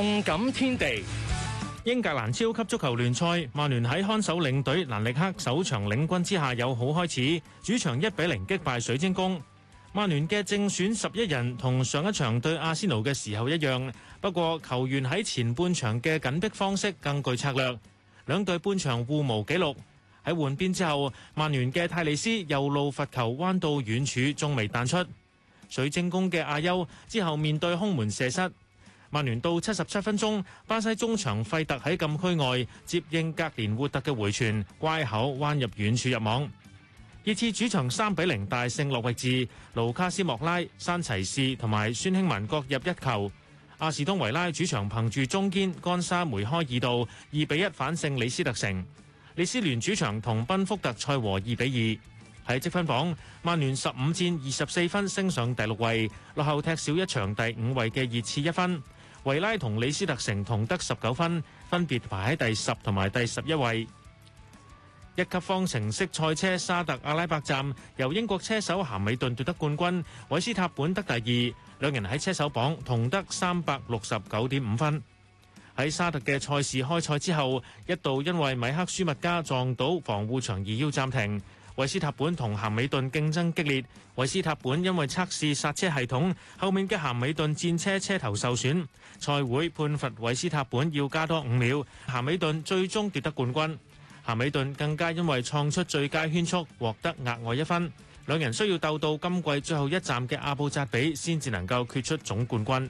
動感天地，英格蘭超級足球聯賽，曼聯喺看守領隊蘭歷克首場領軍之下有好開始，主場一比零擊敗水晶宮。曼聯嘅正選十一人同上一場對阿仙奴嘅時候一樣，不過球員喺前半場嘅緊逼方式更具策略。兩隊半場互無紀錄，喺換邊之後，曼聯嘅泰利斯右路罰球彎到遠處，仲未彈出。水晶宮嘅阿優之後面對空門射失。曼聯到七十七分鐘，巴西中場費特喺禁區外接應格連活特嘅回傳，乖口彎入遠處入網。熱刺主場三比零大勝諾域治，盧卡斯莫拉、山齊士同埋孫興民各入一球。阿士東維拉主場憑住中堅干沙梅開二度，二比一反勝李斯特城。李斯聯主場同賓福特賽和二比二。喺積分榜，曼聯十五戰二十四分，升上第六位，落後踢少一場第五位嘅熱刺一分。維拉同李斯特城同得十九分，分別排喺第十同埋第十一位。一級方程式賽車沙特阿拉伯站由英國車手咸美頓奪得冠軍，韋斯塔本得第二，兩人喺車手榜同得三百六十九點五分。喺沙特嘅賽事開賽之後，一度因為米克舒密加撞到防護牆而要暫停。韋斯塔本同咸美頓競爭激烈，韋斯塔本因為測試剎車系統，後面嘅咸美頓戰車車頭受損，賽會判罰韋斯塔本要加多五秒，咸美頓最終奪得冠軍。咸美頓更加因為創出最佳圈速，獲得額外一分。兩人需要鬥到今季最後一站嘅阿布扎比，先至能夠決出總冠軍。